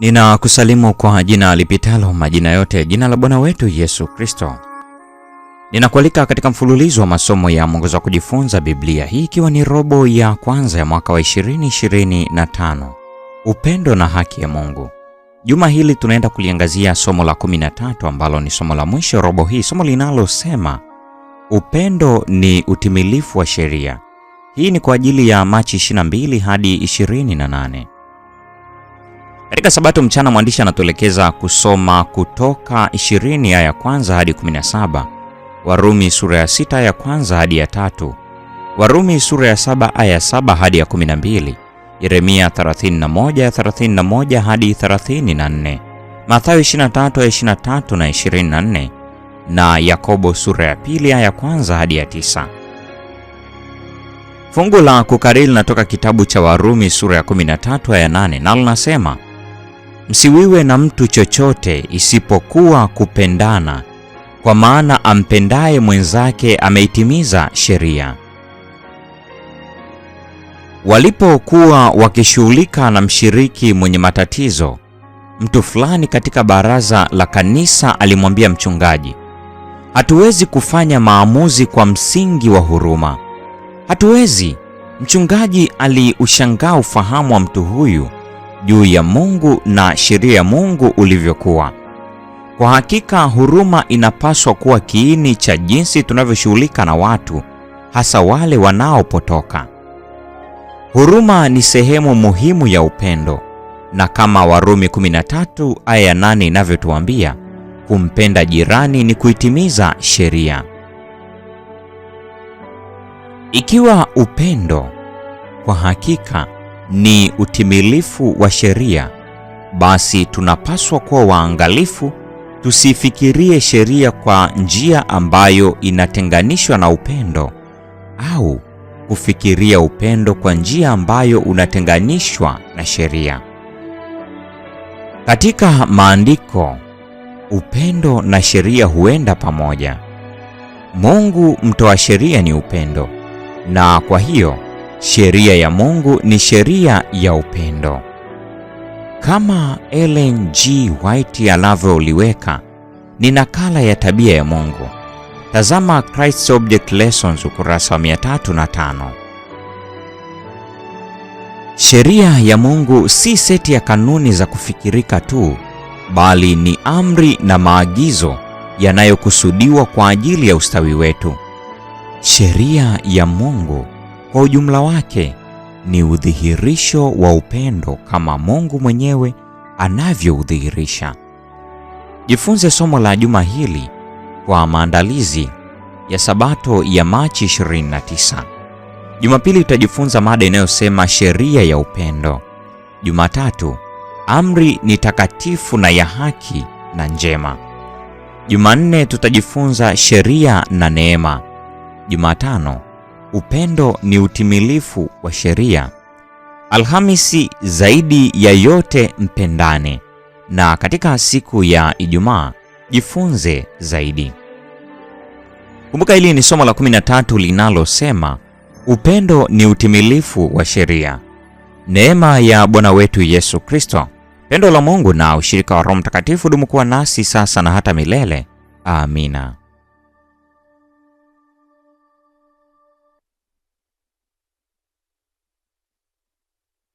Ninakusalimu kwa jina lipitalo majina yote, jina la Bwana wetu Yesu Kristo. Ninakualika katika mfululizo wa masomo ya mwongozo wa kujifunza Biblia, hii ikiwa ni robo ya kwanza ya mwaka wa 2025. Upendo na haki ya Mungu. Juma hili tunaenda kuliangazia somo la 13 ambalo ni somo la mwisho robo hii, somo linalosema upendo ni utimilifu wa sheria. Hii ni kwa ajili ya Machi 22 hadi 28. Katika Sabato mchana mwandishi anatuelekeza kusoma kutoka 20 aya kwanza hadi 17, Warumi sura ya 6 aya kwanza hadi ya tatu, Warumi sura ya 7 aya 7 hadi ya 12, Yeremia 31 31 hadi 34, Mathayo 23 23 na 24 na Yakobo sura ya pili aya kwanza hadi ya tisa. Fungu la kukariri linatoka kitabu cha Warumi sura ya 13 aya ya 8 nalo linasema Msiwiwe na mtu chochote isipokuwa kupendana, kwa maana ampendaye mwenzake ameitimiza sheria. Walipokuwa wakishughulika na mshiriki mwenye matatizo, mtu fulani katika baraza la kanisa alimwambia mchungaji, hatuwezi kufanya maamuzi kwa msingi wa huruma. Hatuwezi. Mchungaji aliushangaa ufahamu wa mtu huyu juu ya Mungu na sheria ya Mungu ulivyokuwa. Kwa hakika huruma inapaswa kuwa kiini cha jinsi tunavyoshughulika na watu, hasa wale wanaopotoka. Huruma ni sehemu muhimu ya upendo, na kama Warumi 13 aya ya 8 inavyotuambia, kumpenda jirani ni kuitimiza sheria. Ikiwa upendo kwa hakika ni utimilifu wa sheria, basi tunapaswa kuwa waangalifu tusifikirie sheria kwa njia ambayo inatenganishwa na upendo au kufikiria upendo kwa njia ambayo unatenganishwa na sheria. Katika maandiko, upendo na sheria huenda pamoja. Mungu mtoa sheria ni upendo, na kwa hiyo Sheria ya Mungu ni sheria ya upendo. Kama Ellen G. White anavyoliweka, ni nakala ya tabia ya Mungu. Tazama Christ's Object Lessons ukurasa wa 305. Sheria ya Mungu si seti ya kanuni za kufikirika tu, bali ni amri na maagizo yanayokusudiwa kwa ajili ya ustawi wetu. Sheria ya Mungu kwa ujumla wake ni udhihirisho wa upendo kama Mungu mwenyewe anavyoudhihirisha. Jifunze somo la juma hili kwa maandalizi ya Sabato ya Machi 29. Jumapili utajifunza mada inayosema sheria ya upendo. Jumatatu, amri ni takatifu na ya haki na njema. Jumanne tutajifunza sheria na neema. Jumatano Upendo ni utimilifu wa sheria. Alhamisi, zaidi ya yote mpendane, na katika siku ya Ijumaa jifunze zaidi. Kumbuka hili ni somo la 13 linalosema upendo ni utimilifu wa sheria. Neema ya Bwana wetu Yesu Kristo, pendo la Mungu na ushirika wa Roho Mtakatifu dumu kuwa nasi sasa na hata milele. Amina.